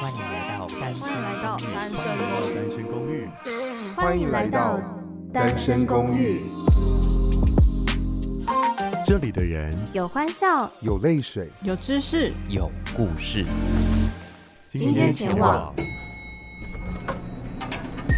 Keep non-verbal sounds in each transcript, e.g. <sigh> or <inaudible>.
歡迎來到單身公寓。對歡迎來到單身公寓。歡迎來到單身公寓。這裡的人有歡笑，有淚水，有知識，有故事。今天前往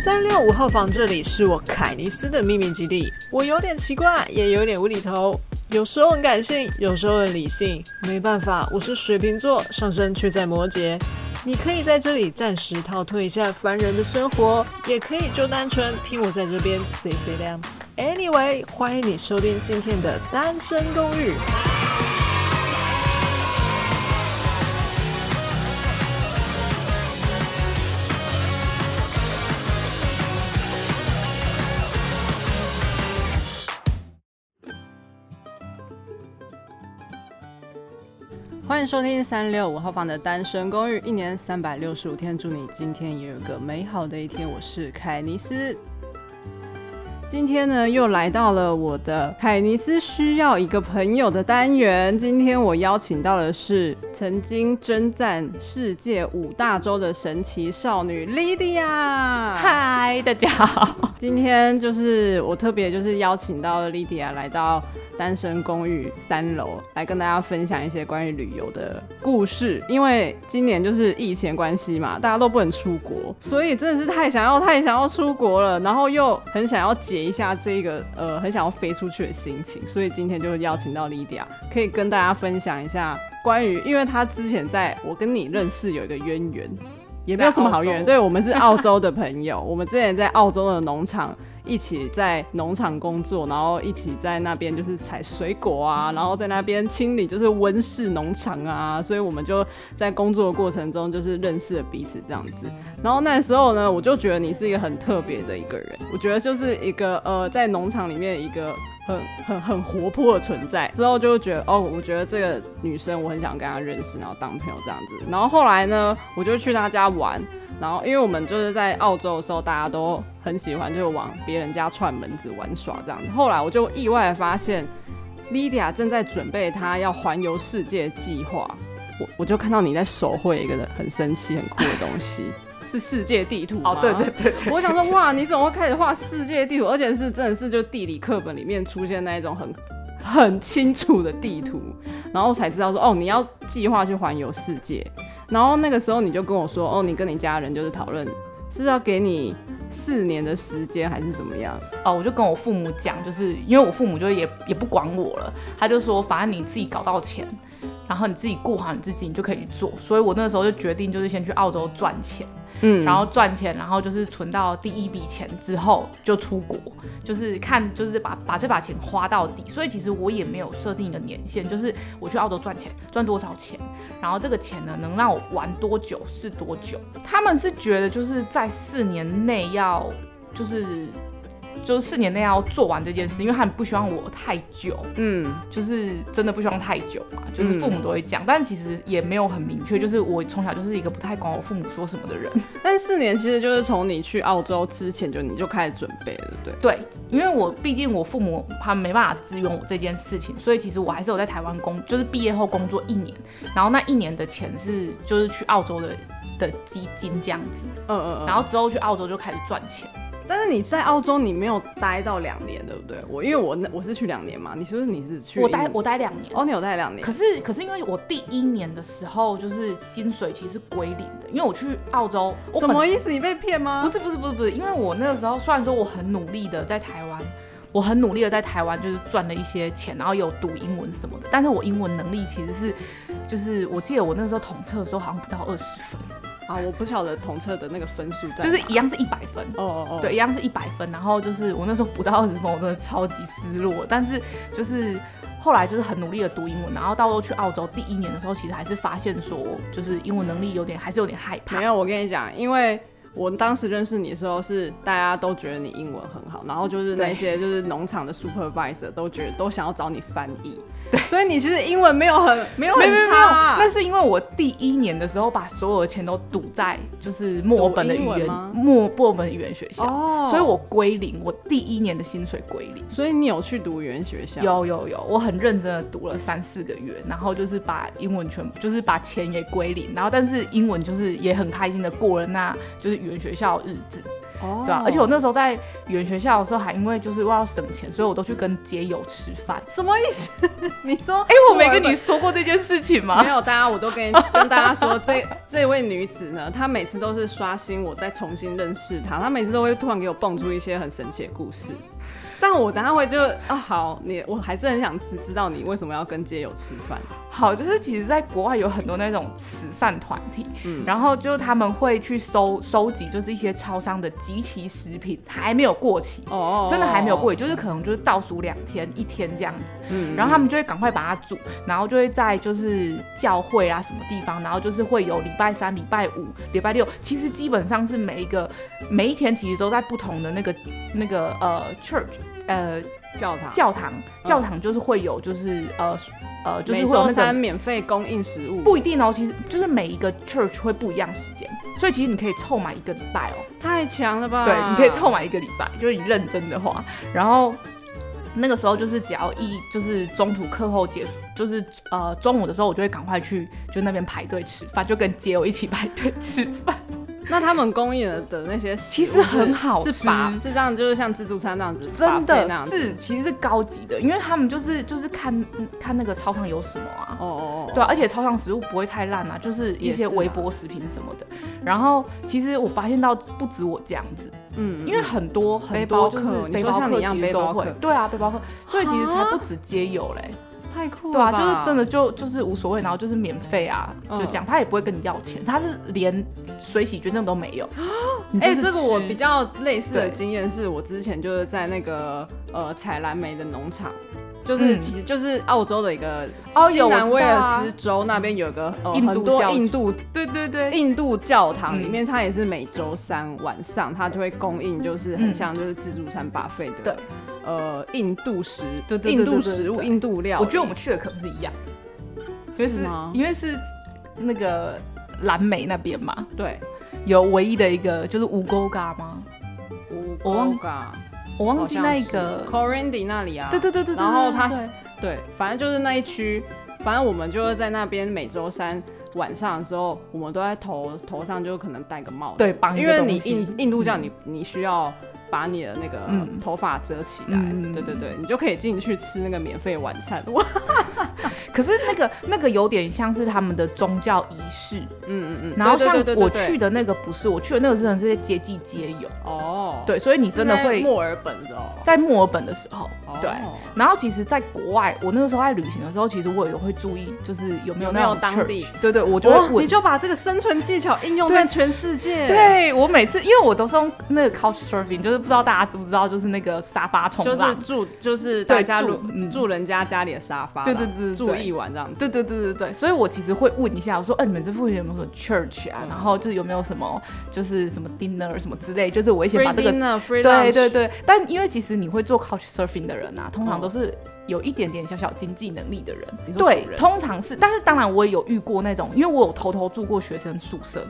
三六五號房，這裡是我凱妮絲的秘密基地。我有點奇怪，也有點無厘頭，有時候很感性，有時候很理性。沒辦法，我是水瓶座，上升卻在摩羯。你可以在這裡暫時逃脫一下煩人的生活，也可以就單純聽我在這邊 say something。Anyway，歡迎你收聽今天的單聲公寓。歡迎收聽三六五號房的單身公寓，一年三百六十五天，祝你今天也有個美好的一天。我是凱妮絲。今天呢，又來到了我的凱妮絲需要一個朋友的單元。今天我邀請到的是曾經征戰世界五大洲的神奇少女 Lydia。嗨，大家好！今天就是我特別就是邀請到 Lydia 來到單聲公寓三樓，來跟大家分享一些關於旅遊的故事。因為今年就是疫情關係嘛，大家都不能出國，所以真的是太想要太想要出國了，然後又很想要解。一下這個呃，很想要飛出去的心情，所以今天就邀請到 Lydia，可以跟大家分享一下關於，因為她之前在，我跟你認識有一個淵源，也沒有什麼好淵源，對，我們是澳洲的朋友， <laughs> 我們之前在澳洲的農場。一起在農場工作，然後一起在那邊就是採水果啊，然後在那邊清理就是溫室農場啊，所以我們就在工作的過程中就是認識了彼此這樣子。然後那時候呢，我就覺得你是一個很特別的一個人，我覺得就是一個呃在農場裡面一個很很很活潑的存在。之後就覺得哦，我覺得這個女生我很想跟她認識，然後當朋友這樣子。然後後來呢，我就去她家玩。然後，因為我們就是在澳洲的時候，大家都很喜歡就往別人家串門子玩耍這樣子。後來我就意外發現，Lydia 正在準備她要環遊世界計劃我。我我就看到你在手繪一個很神奇、很酷的東西，是世界地圖嗎？哦，對對對對，對。我想說，哇，你怎麼會開始畫世界地圖？而且是真的是就地理課本裡面出現那一種很很清楚的地圖。然後我才知道說，哦，你要計劃去環遊世界。然後那個時候你就跟我說，哦，你跟你家人就是討論是要給你四年的時間還是怎麼樣？哦，我就跟我父母講，就是因為我父母就也也不管我了，他就說反正你自己搞到錢，然後你自己顧好你自己，你就可以去做。所以我那個時候就決定，就是先去澳洲賺錢。嗯，然後賺錢，然後就是存到第一筆錢之後就出國，就是看就是把把這把錢花到底。所以其實我也沒有設定一個年限，就是我去澳洲賺錢賺多少錢，然後這個錢呢，能讓我玩多久是多久。他們是覺得就是在四年內要就是。就是四年內要做完這件事，因為他們不希望我太久，嗯，就是真的不希望太久嘛，就是父母都會講，嗯、但其實也沒有很明確。就是我從小就是一個不太管我父母說什麼的人。嗯、但四年其實就是從你去澳洲之前就你就開始準備了，對。對，因為我畢竟我父母他沒辦法支援我這件事情，所以其實我還是有在台灣工，就是畢業後工作一年，然後那一年的錢是就是去澳洲的的基金這樣子，嗯嗯、呃呃呃，然後之後去澳洲就開始賺錢。但是你在澳洲你沒有待到兩年，對不對？我因為我那我是去兩年嘛，你是不是？你是去，我待我待兩年，哦，oh, 你有待兩年。可是可是因為我第一年的時候就是薪水其實是歸零的，因為我去澳洲，什麼意思？你被騙嗎？不是不是不是不是，因為我那個時候雖然說我很努力的在台灣，我很努力的在台灣就是賺了一些錢，然後有讀英文什麼的，但是我英文能力其實是就是我記得我那時候統測的時候好像不到二十分。啊，我不曉得同側的那個分數在，就是一樣是一百分。哦哦哦，對，一樣是一百分。然後就是我那時候不到二十分，我真的超級失落。但是就是後來就是很努力的讀英文，然後到時候去澳洲第一年的時候，其實還是發現說就是英文能力有點、嗯、還是有點害怕。沒有，我跟你講，因為我當時認識你的時候，是大家都覺得你英文很好，然後就是那些就是農場的 supervisor 都覺得對都想要找你翻譯。 <laughs> 所以你其實英文沒有很沒有很差、啊沒沒沒有，那是因為我第一年的時候把所有的錢都賭在就是墨爾本的語言墨爾本語言學校，oh. 所以我歸零，我第一年的薪水歸零。所以你有去讀語言學校？有有有，我很認真的讀了三四個月，然後就是把英文全部，就是把錢也歸零，然後但是英文就是也很開心的過了那就是語言學校的日子。哦， <music> 對啊，而且我那時候在語言學校的時候，還因為就是為了省錢，所以我都去跟街友吃飯。什麼意思？嗯、你說？哎、欸，我沒跟你說過這件事情嗎？欸、沒,情嗎沒有，大家我都跟 <laughs> 跟大家說，這這位女子呢，她每次都是刷新我，再重新認識她，她每次都會突然給我蹦出一些很神奇的故事。但我等下會就啊、哦、好，你我還是很想知知道，你為什麼要跟街友吃飯？好，就是其實，在國外有很多那種慈善團體，嗯、然後就他們會去收收集，就是一些超商的即期食品，還沒有過期哦，真的還沒有過期，就是可能就是倒數兩天、一天這樣子。嗯，嗯，然後他們就會趕快把它煮，然後就會在就是教會啊什麼地方，然後就是會有禮拜三、禮拜五、禮拜六，其實基本上是每一個每一天其實都在不同的那個那個呃、uh, church。呃，教堂，教堂，嗯、教堂就是會有，就是呃，呃，就是會有，那個、周三免費供應食物，不一定哦。其實就是每一個 church 會不一樣時間，所以其實你可以湊滿一個禮拜哦。太強了吧？對，你可以湊滿一個禮拜，就是你認真的話。然後那個時候就是只要一就是中途課後結束，就是呃中午的時候，我就會趕快去就那邊排隊吃飯，就跟街友一起排隊吃飯。那他們供應了的那些其實很好吃，是吧？是這樣，就是像自助餐那樣子，真的是其實是高級的，因為他們就是就是看看那個超商有什麼啊，哦哦哦，對，而且超商食物不會太爛啊，就是一些微波食品什麼的。然後其實我發現到不止我這樣子，嗯，因為很多很多就是你說像你一樣都會，對啊，背包客，所以其實才不止街友嘞。太酷了！對啊，就是真的就就是無所謂，然後就是免費啊，嗯、就講他也不會跟你要錢，他是連隨喜捐贈都沒有。哎、 <coughs> 欸，這個我比較類似的經驗是我之前就是在那個對呃採藍莓的農場。就是其實就是澳洲的一個新南威爾斯州那邊有個呃很多印度對印度教堂裡面，它也是每周三晚上，它就會供應就是很像就是自助餐 buffet 的對呃印度食印度食物印度料，我覺得我們去的可不是一樣，因為是，是嗎因為是那個南美那邊嘛，對，有唯一的一個就是五溝嘎。嗎？五溝咖。哦我忘記那一個，Corindi 那裡啊，對對對對，然後他，對，反正就是那一區，反正我們就是在那邊每週三晚上的時候，我們都在頭頭上就可能戴個帽子，對，因為你印印印度教你你需要。把你的那個頭髮遮起來，嗯、對對對，你就可以進去吃那個免費晚餐。哇，可是那個那個有點像是他們的宗教儀式，嗯嗯嗯。嗯，然後像我去的那個不是，我去的那個真的是那些階級皆有哦。對，所以你真的會墨爾本哦，在墨爾本的時候，哦、對。然後其實，在國外，我那個時候在旅行的時候，其實我也會注意，就是有沒有那種 church, 有沒有當地。對對，我就會、哦、你就把這個生存技巧應用在全世界。對，對我每次，因為我都是用那個 Couch Surfing，就是。不知道大家知不知道，就是那個沙發衝浪，就是住，就是大家住、嗯、住人家家裡的沙發，對，對對對，住一晚這樣子。對對對對對。所以我其實會問一下，我說，哎、欸，你們這附近有沒有什麼 church 啊？對對對對，然後就是有沒有什麼，就是什麼 dinner 什麼之類，就是我以前把這個。Free dinner, free 對對對。但因為其實你會做 couchsurfing 的人啊，通常都是有一點點小小經濟能力的人。嗯、人對，通常是，但是當然我也有遇過那種，因為我有偷偷住過學生宿舍。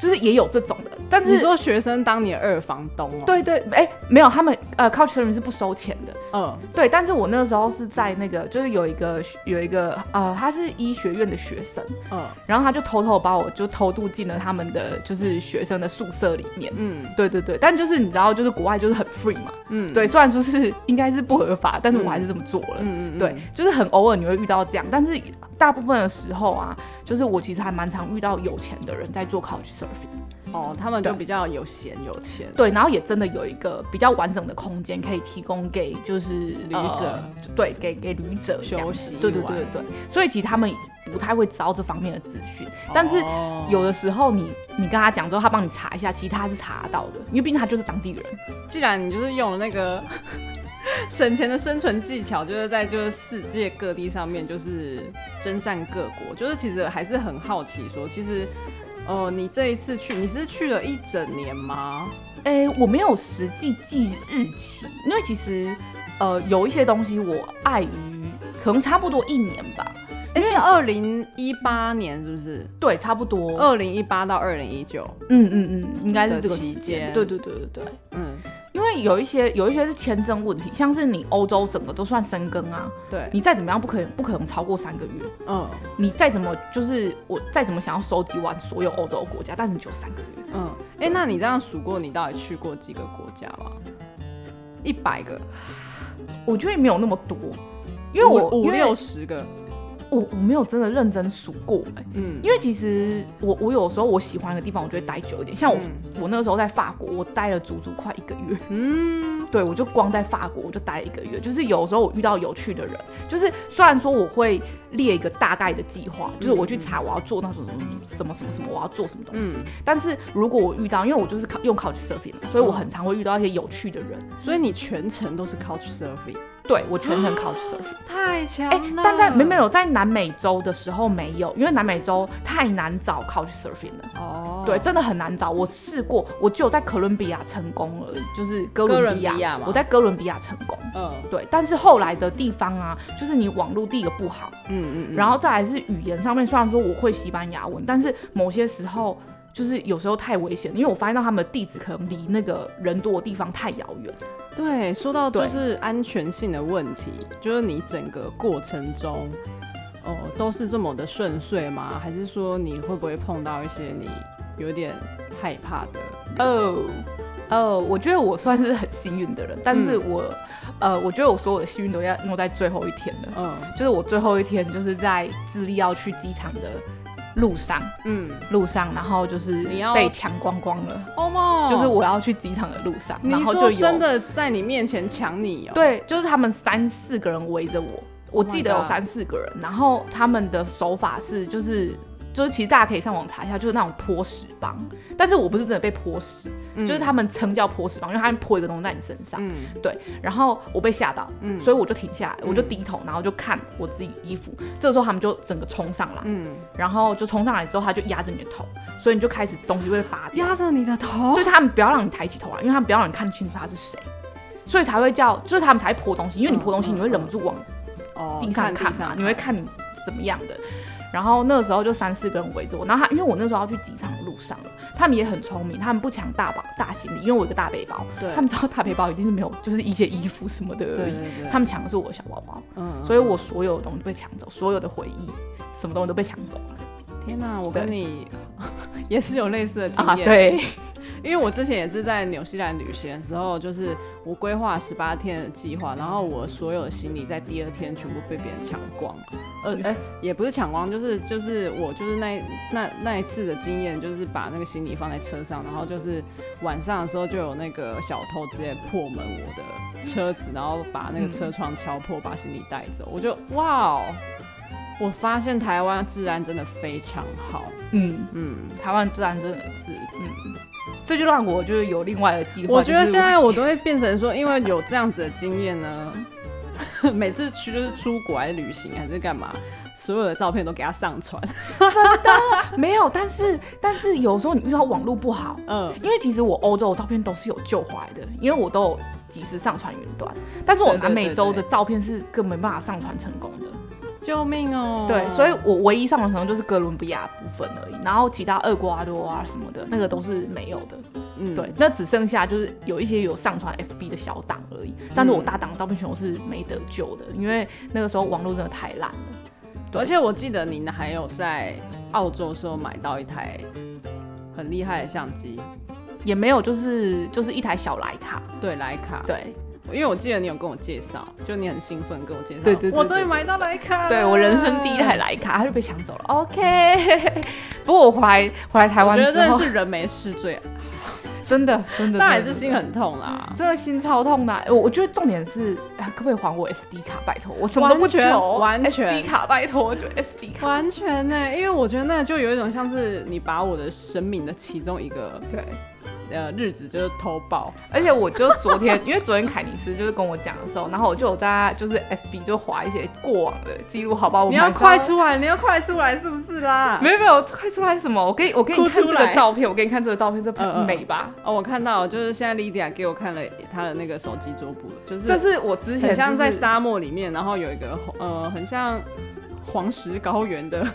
就是也有這種的，但是你說學生當你的二房東哦、喔？對，對對，哎、欸，沒有，他們呃，Couchsurfing 是不收錢的。嗯，對。但是我那個時候是在那個，就是有一個有一個呃，他是醫學院的學生，嗯，然後他就偷偷把我就偷渡進了他們的就是學生的宿舍裡面。嗯，對對對。但就是你知道，就是國外就是很 free 嘛。嗯，對。雖然說是應該是不合法，但是我還是這麼做了。嗯。對，就是很偶爾你會遇到這樣，但是大部分的時候啊。就是我其實還蠻常遇到有錢的人在做 Couch Surfing，哦，他們就比較有閒對有錢，對，然後也真的有一個比較完整的空間可以提供給就是旅者，呃，對，給給旅者休息，對對對對，對，所以其實他們不太會知道這方面的資訊，哦，但是有的時候你你跟他講之後，他幫你查一下，其實他是查到的，因為畢竟他就是當地人。既然你就是用那個。 <laughs> 省錢的生存技巧，就是在就是世界各地上面就是征戰各國，就是其實還是很好奇說，其實，呃，你這一次去你是去了一整年嗎？哎、欸，我沒有實際記日期，因為其實呃有一些東西我礙於可能差不多一年吧，欸、是因為二零一八年是不是？對，差不多，二零一八到二零一九，嗯嗯嗯，應該是這個時間，對對對對對，嗯。因為有一些有一些是簽證問題，像是你歐洲整個都算申根啊。對，你再怎麼樣不可能不可能超過三個月。嗯，你再怎麼就是我再怎麼想要收集完所有歐洲國家，但你只有三個月。嗯，哎對、欸，那你這樣數過你到底去過幾個國家嗎？一百個？我覺得沒有那麼多，因為我五六十個。我我沒有真的認真數過、欸、嗯，因為其實我我有時候我喜歡一個地方，我就會待久一點。像我、嗯、我那個時候在法國，我待了足足快一個月，嗯，對，我就光在法國我就待了一個月。就是有時候我遇到有趣的人，就是雖然說我會列一個大概的計劃，就是我去查我要做那種什麼什麼什麼，我要做什麼東西。嗯、但是如果我遇到，因為我就是用 Couchsurfing，所以我很常會遇到一些有趣的人。嗯、所以你全程都是 Couchsurfing？對，我全程 Couchsurfing、啊，太強了哎、欸，但在沒沒有在南美洲的時候沒有，因為南美洲太難找 Couchsurfing 了。哦，對，真的很難找。我試過，我就有在哥倫比亞成功了，就是哥倫比亞。哥倫比亞嗎？我在哥倫比亞成功。嗯、對。但是後來的地方啊，就是你網絡第一個不好。嗯，嗯嗯。然後再來是語言上面，雖然說我會西班牙文，但是某些時候。就是有時候太危險，因為我發現到他們的地址可能離那個人多的地方太遙遠。對，說到就是安全性的問題，對就是你整個過程中，哦、呃，都是這麼的順遂嗎？還是說你會不會碰到一些你有點害怕的？哦哦，我覺得我算是很幸運的人，但是我、嗯、呃，我覺得我所有的幸運都要落在最後一天了。嗯，oh. 就是我最後一天就是在智利要去機場的路上，嗯，路上，然後就是你要被搶光光了，哦，就是我要去機場的路上，然後就有你真的在你面前搶你，哦，對，就是他們三四個人圍着我，我記得有三四個人，Oh my God，然後他們的手法是就是。就是其實大家可以上網查一下，就是那種潑屎棒。但是我不是真的被潑屎，嗯、就是他們稱叫潑屎棒，因為他們潑一個東西在你身上。嗯、對。然後我被嚇到，嗯、所以我就停下來，嗯、我就低頭，然後就看我自己衣服。嗯、這個時候他們就整個衝上來，嗯、然後就衝上來之後，他就壓着你的頭，所以你就開始東西被扒。壓着你的頭，就他們不要讓你抬起頭啊，因為他們不要讓你看清楚他是誰，所以才會叫，就是他們才會潑東西，因為你潑東西，你會忍不住往地上看啊，哦、看你會看你怎麼樣的。然後那個時候就三四個人圍着我，然後他，因為我那時候要去機場的路上了，他們也很聰明，他們不搶大包大行李，因為我有個大背包，對他們知道大背包一定是沒有，就是一些衣服什麼的而已，對對對，他們搶的是我的小包包，嗯嗯嗯，所以我所有的東西都被搶走，所有的回憶，什麼東西都被搶走了。天哪，我跟你對也是有類似的經驗，啊對因為我之前也是在紐西蘭旅行的時候，就是我規劃十八天的計劃，然後我所有的行李在第二天全部被別人搶光。呃，哎、欸，也不是搶光，就是就是我就是那那那一次的經驗，就是把那個行李放在車上，然後就是晚上的時候就有那個小偷直接破門我的車子，然後把那個車窗敲破，嗯、把行李帶走。我就哇哦！我發現台灣治安真的非常好，嗯嗯，嗯台灣治安真的是，嗯，嗯這就讓我就是有另外的計劃。我覺得現在我都會變成說，因為有這樣子的經驗呢， <laughs> 每次去就是出國來旅行還是幹嘛，所有的照片都給他上傳。真的 <laughs> 沒有，但是但是有時候你遇到網絡不好，嗯，因為其實我歐洲的照片都是有救回來的，因為我都及時上傳雲端，但是我南美洲的照片是更沒辦法上傳成功的。救命哦！對，所以我唯一上傳成功就是哥倫比亞部分而已，然後其他厄瓜多啊什麼的那個都是沒有的。嗯，對，那只剩下就是有一些有上傳 FB 的小檔而已，但是我大檔照片全部是沒得救的，嗯、因為那個時候網絡真的太爛了。對，而且我記得你還有在澳洲的時候買到一台很厲害的相機，也沒有，就是就是一台小萊卡。對，萊卡。對。因為我記得你有跟我介紹，就你很興奮跟我介紹，我終於買到徠卡，對我人生第一台徠卡，他就被搶走了。OK， <laughs> 不過我回來回來台灣，我覺得真的是人沒事最真、啊、的 <laughs> 真的，那還是心很痛啦、啊，真的心超痛的、啊。我覺得重點是，可不可以還我 SD 卡？拜託，我什麼都不求、喔，完全 SD 卡，拜託，就 SD 卡完全呢、欸，因為我覺得那就有一種像是你把我的生命的其中一個對。呃，日子就是偷報，而且我就昨天， <laughs> 因為昨天凱妮絲就是跟我講的時候，然後我就有大家就是 F B 就滑一些過往的記錄，好不好？你要快出來，要 <laughs> 你要快出來，是不是啦？沒有沒有，快出來什麼？我給我給你看這個照片，我給你看這個照片，這不、呃呃、美吧？哦，我看到了，就是現在 Lydia 給我看了她的那個手機桌布，就是這是我之前很像在沙漠裡面，然後有一個呃，很像黃石高原的，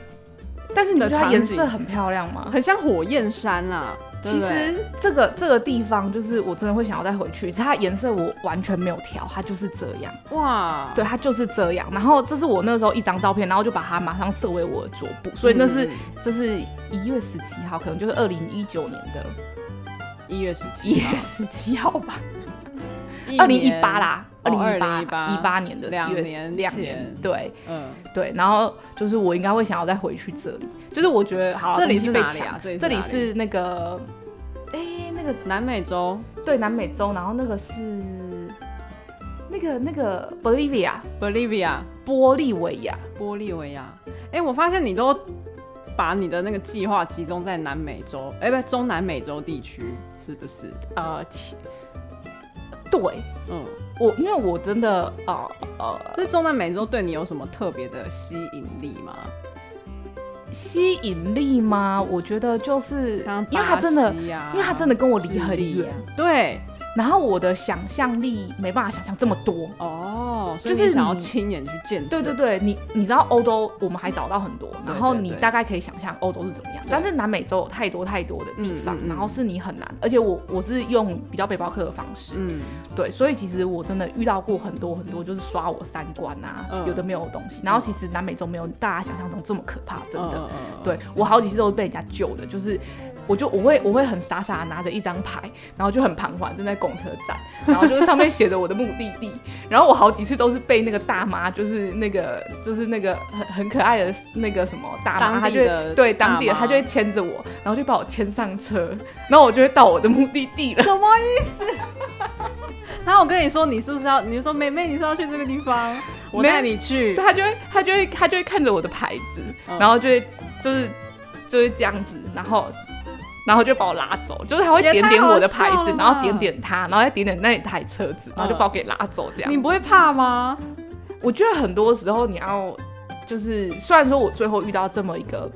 但是你知道它顏色很漂亮嗎？很像火焰山啊。對對，其實這個這個地方就是我真的會想要再回去，其實它顏色我完全沒有調，它就是這樣哇，對，它就是這樣。然後這是我那時候一張照片，然後就把它馬上設為我的桌布，所以那是、嗯、這是一月十七號，可能就是二零一九年的一，一月十七，一月十七號吧。二零一八啦，二零一八一八年的兩年兩年，對，嗯，對，然後就是我應該會想要再回去這裡，就是我覺得好，這裡是哪裡啊？這裡是哪裡？這裡是那個哎、欸，那個南美洲，對，南美洲，然後那個是那個那個 Bolivia，Bolivia，Bolivia 玻利維亞，玻利維亞。哎、欸，我發現你都把你的那個計劃集中在南美洲，哎，不，中南美洲地區是不是啊？呃其對，嗯，我因為我真的，哦、呃、哦，那中南美洲對你有什麼特別的吸引力嗎？吸引力嗎？嗯、我覺得就是，啊、因為他真的，因為他真的跟我離很遠，啊、對。然後我的想象力沒辦法想象這麼多哦，就是想要親眼去見。對對對，你你知道歐洲，我們還找到很多，然後你大概可以想象歐洲是怎麼樣。對對對，但是南美洲有太多太多的地方，對然後是你很難，嗯嗯嗯、而且我我是用比較背包客的方式，嗯，對，所以其實我真的遇到過很多很多，就是刷我三觀啊，嗯、有的沒有東西。然後其實南美洲沒有大家想象中這麼可怕，真的。嗯、對，我好幾次都是被人家救的，就是。我就我會我會很傻傻的拿着一張牌，然後就很彷徨，正在公車站，然後就是上面寫着我的目的地， <laughs> 然後我好幾次都是被那個大媽，就是那個就是那個很很可愛的那個什麼大媽，她就對當地她就會牽着媽我，然後就把我牽上車，然後我就會到我的目的地了。什麼意思？ <laughs> 然後我跟你說，你是不是要你說妹妹，你是，是要去這個地方，妹我帶你去。她就會她就會她就會看着我的牌子，嗯、然後就會就是就是這樣子，然後。然後就把我拉走，就是他會點點我的牌子，然後點點他，然後再點點那台車子，嗯、然後就把我給拉走這樣。你不會怕嗎？我覺得很多時候你要就是，雖然說我最後遇到這麼一個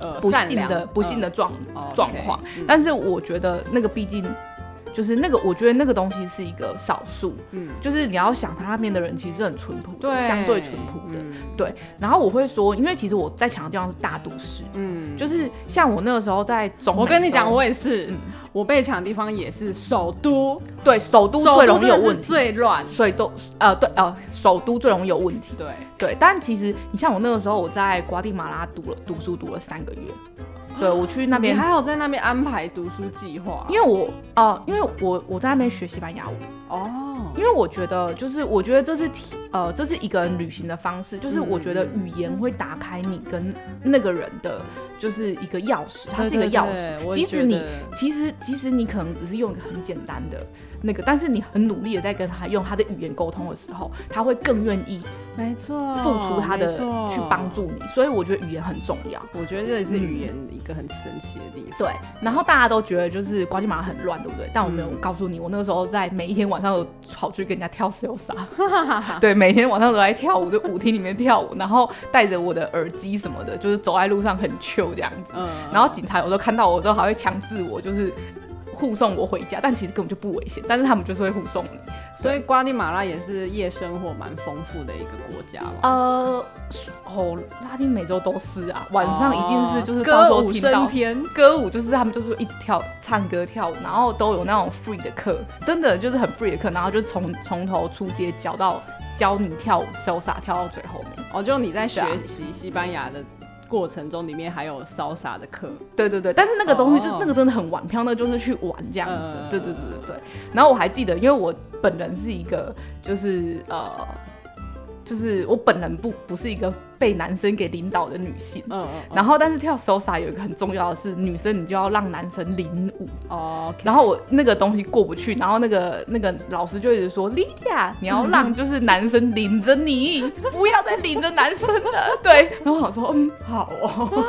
呃不幸的、呃、不幸的不幸的狀、呃、狀況，哦 okay, 嗯、但是我覺得那個畢竟。就是那個，我覺得那個東西是一個少數。嗯，就是你要想，他那邊的人其實是很淳樸，對，相對淳樸的。嗯、對。然後我會說，因為其實我在搶的地方是大都市。嗯。就是像我那個時候在總，我跟你講，我也是，嗯、我被搶的地方也是首都。對，首都最容易有問題，最亂。所以都呃，對呃，首都最容易有問題。對。對，但其實你像我那個時候，我在瓜地馬拉讀了讀書，讀了三個月。對，我去那邊，你還有在那邊安排讀書計劃、啊呃？因為我，哦，因為我我在那邊學西班牙語。哦。Oh. 因為我覺得，就是我覺得這是體，呃，這是一個人旅行的方式。就是我覺得語言會打開你跟那個人的，就是一個鑰匙，它是一個鑰匙。對對對，即使你其實其實你可能只是用一個很簡單的那個，但是你很努力的在跟他用他的語言溝通的時候，他會更願意沒錯付出他的去幫助你。所以我覺得語言很重要。我覺得這也是語言一個很神奇的地方。嗯、對，然後大家都覺得就是瓜地馬拉很亂，對不對？但我沒有告訴你，我那個時候在每一天晚上都吵。去跟人家跳 salsa 哈哈哈哈。對，每天晚上都在跳舞，就舞廳裡面跳舞， <laughs> 然後戴着我的耳機什麼的，就是走在路上很 chill 這樣子。嗯嗯嗯，然後警察有時候看到我之後，還會強制我，就是。護送我回家，但其實根本就不危險，但是他們就是會護送你。所以，瓜地馬拉也是夜生活蠻豐富的一個國家。呃，哦，uh, so, 拉丁美洲都是啊，晚上一定是就是、oh, 到時候聽當天。歌舞，就是他們就是一直跳、唱歌、跳舞，然後都有那種 free 的課，真的就是很 free 的課，然後就從從頭出街教到教你跳舞瀟灑，沙跳到最後面。哦，oh, 就你在學習西班牙的。過程中裡面還有瀟灑的課，對對對，但是那個東西就、oh. 那個真的很玩票，那就是去玩這樣子，uh、對對對對對。然後我還記得，因為我本人是一個就是呃。Uh 就是我本人不不是一個被男生給領導的女性，嗯嗯，然後但是跳 salsa 有一個很重要的是，女生你就要讓男生領舞哦。Oh, okay. 然後我那個東西過不去，然後那個那個老師就一直說，Lydia，你要讓就是男生領着你， <laughs> 不要再領着男生了。 <laughs> 對，然後我說，嗯，好哦。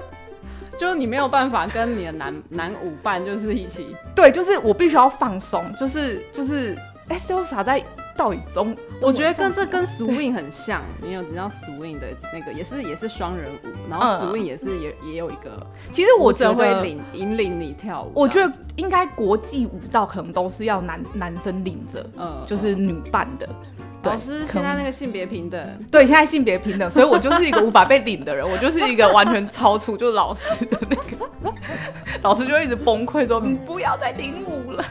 <laughs> 就是你沒有辦法跟你的男男舞伴就是一起， <laughs> 對，就是我必須要放鬆，就是就是、欸、salsa 在。到以中？我覺得跟這跟 Swing 很像，你有你知道 Swing 的那個也是也是雙人舞，然後 Swing 也是也也有一個。其實我只會領引領你跳舞。我覺得應該國際舞蹈可能都是要男男生領着，嗯，就是女伴的。老師現在那個性別平等，對，現在性別平等，所以我就是一個無法被領的人，我就是一個完全超出就是老師的那個，老師就一直崩潰說你不要再領舞了。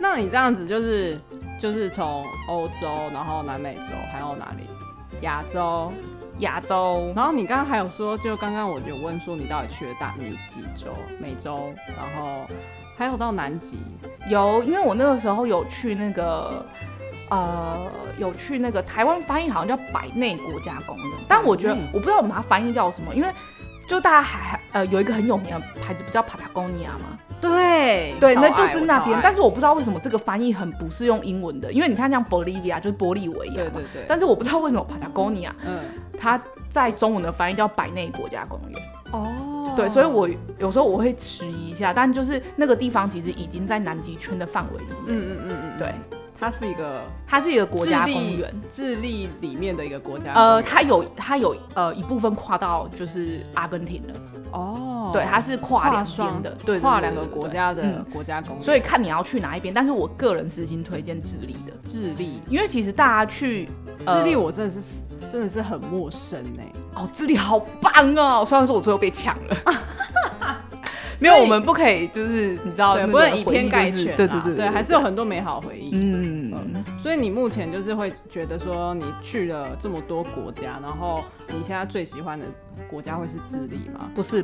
那你這樣子就是。就是從歐洲，然後南美洲，還有哪裡？亞洲，亞洲。然後你剛剛還有說，就剛剛我有問說你到底去了大米幾幾洲？美洲，然後還有到南極。有，因為我那個時候有去那個，呃，有去那個台灣翻譯好像叫百內國家公園，對但我覺得、嗯、我不知道我媽翻譯叫什麼，因為就大家還呃有一個很有名的牌子，不叫帕塔哥尼亞嗎？對對，對愛那就是那邊，但是我不知道為什麼這個翻譯很不是用英文的，因為你看像 Bolivia 就是玻利維亞嘛，對對對，但是我不知道為什麼 Patagonia，嗯，它在中文的翻譯叫百內國家公園，哦、嗯，對，所以我有時候我會遲疑一下，但就是那個地方其實已經在南極圈的範圍裡面，嗯嗯嗯嗯，嗯嗯對。它是一個，它是一個國家公園，智利裡面的一個國家公園。呃，它有，它有，呃，一部分跨到就是阿根廷的。哦，oh, 對，它是跨兩邊的，上對，對，對，跨兩個國家的國家公園、嗯、所以看你要去哪一邊，但是我個人私心推薦智利的，智利力，因為其實大家去、呃、智利，我真的是真的是很陌生哎、欸。哦，智利好棒啊、哦！雖然說我最後被搶了。 <laughs> 沒有，我們不可以就是你知道，對就是，不能以偏概全嘛，就是。對對對，對，對，對，對，還是有很多美好回憶。嗯嗯，嗯。所以你目前就是會覺得說，你去了這麼多國家，然後你現在最喜歡的國家會是智利嗎？不是，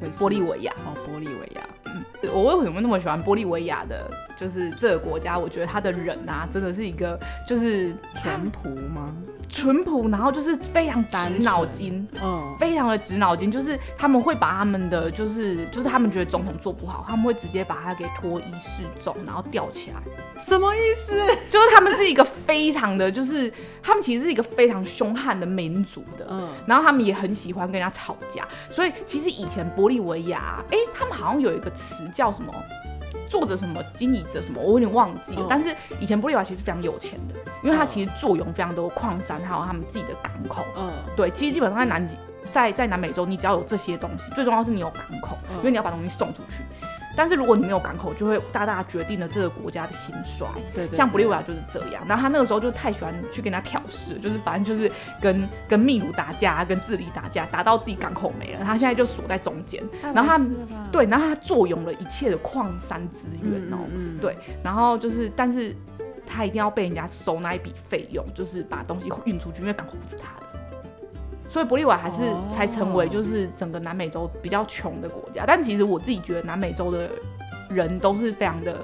會是玻利維亞。哦，玻利維亞。嗯我為什麼那麼喜歡玻利維亞的？就是這個國家，我覺得他的人啊，真的是一個就是淳樸嗎？淳樸，然後就是非常直腦筋，嗯，非常的直腦筋，就是他們會把他們的就是就是他們覺得總統做不好，他們會直接把他給脫衣示眾，然後吊起來，什麼意思？就是他們是一個非常的就是他們其實是一個非常凶悍的民族的，嗯，然後他們也很喜歡跟人家吵架，所以其實以前玻利維亞，啊，哎、欸，他們好像有一個詞。叫什麼？坐著什麼？經營著什麼？我有點忘記了。嗯、但是以前玻利維亞其實非常有錢的，因為他其實坐擁非常多礦山，還有他們自己的港口。嗯，對，其實基本上在南極，嗯、在在南美洲，你只要有這些東西，最重要是你有港口，嗯、因為你要把東西送出去。但是如果你沒有港口，就會大大決定了這個國家的興衰。對，對，像玻利維亞就是這樣。然後他那個時候就太喜歡去跟人家挑事，就是反正就是跟跟秘魯打架，跟智利打架，打到自己港口沒了。他現在就鎖在中間，啊、然後他，對，然後他坐擁了一切的礦山資源。哦、喔。嗯嗯、對，然後就是，但是他一定要被人家收那一筆費用，就是把東西運出去，因為港口不是他的。所以玻利瓦還是才成為就是整個南美洲比較窮的國家，哦、但其實我自己覺得南美洲的人都是非常的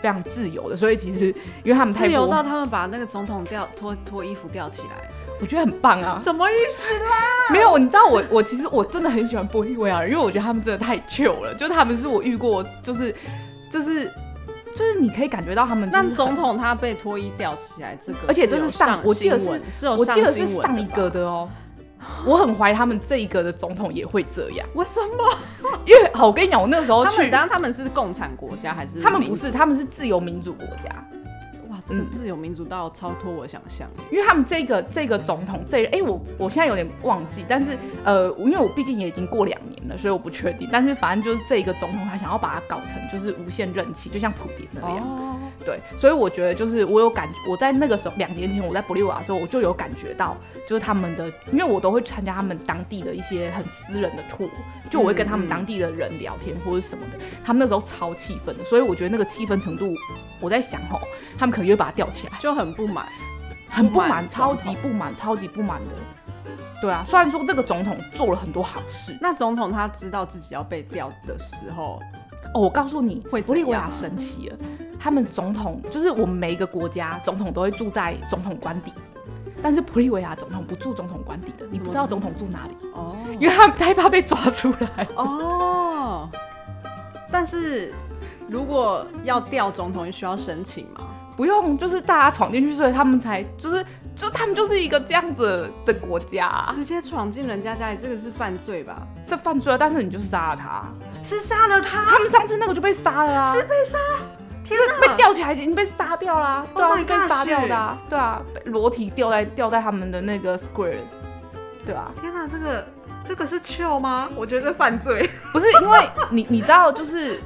非常自由的，所以其實因為他們自由到他們把那個總統吊脫脫衣服吊起來，我覺得很棒啊！什麼意思啦？ <laughs> 沒有，你知道我我其實我真的很喜歡玻利維亞人，因為我覺得他們真的太 chill 了，就他們是我遇過就是就是就是你可以感覺到他們但總統他被脫衣吊起來這個，而且就是上我記得是，是我記得是上一個的哦、喔。我很懷疑他們這一個的總統也會這樣，為什麼？因為好，我跟你講，我那時候去，他們當他們是共產國家還是民主國家？他們不是，他們是自由民主國家。真的自由民主到、嗯、超脫我的想象，因為他們這個這個總統這個，哎、欸、我我現在有點忘記，但是呃，因為我畢竟也已經過兩年了，所以我不確定。但是反正就是這一個總統，他想要把它搞成就是無限任期，就像普丁那樣。哦、對，所以我覺得就是我有感，我在那個時候兩年前，我在玻利瓦爾的時候，我就有感覺到，就是他們的，因為我都會參加他們當地的一些很私人的 tour，就我會跟他們當地的人聊天或者什麼的，嗯嗯他們那時候超氣憤的，所以我覺得那個氣憤程度，我在想哦，他們可能。把他吊起來，就很不滿，很不滿滿，超級不滿，統超級不滿的。對啊，雖然說這個總統做了很多好事，那總統他知道自己要被吊的時候，哦、喔，我告訴你，玻利維亞神奇了。他們總統就是我們每一個國家總統都會住在總統官邸，但是玻利維亞總統不住總統官邸的，你不知道總統住哪裡哦，oh. 因為他們太怕被抓出來哦。Oh. 但是如果要吊總統，你需要申請嗎？不用，就是大家闖進去，所以他們才就是，就他們就是一個這樣子的國家，直接闖進人家家裡，這個是犯罪吧？是犯罪啊，但是你就是殺了他，是殺了他。他們上次那個就被殺了啊，是被殺，天哪，被吊起來已經被殺掉啦、啊，對啊，Oh my God 被殺掉的、啊，對啊，裸體吊在吊在他們的那個 square 對啊，天哪，這個這個是 chill 嗎？我覺得犯罪， <laughs> 不是因為你你知道就是。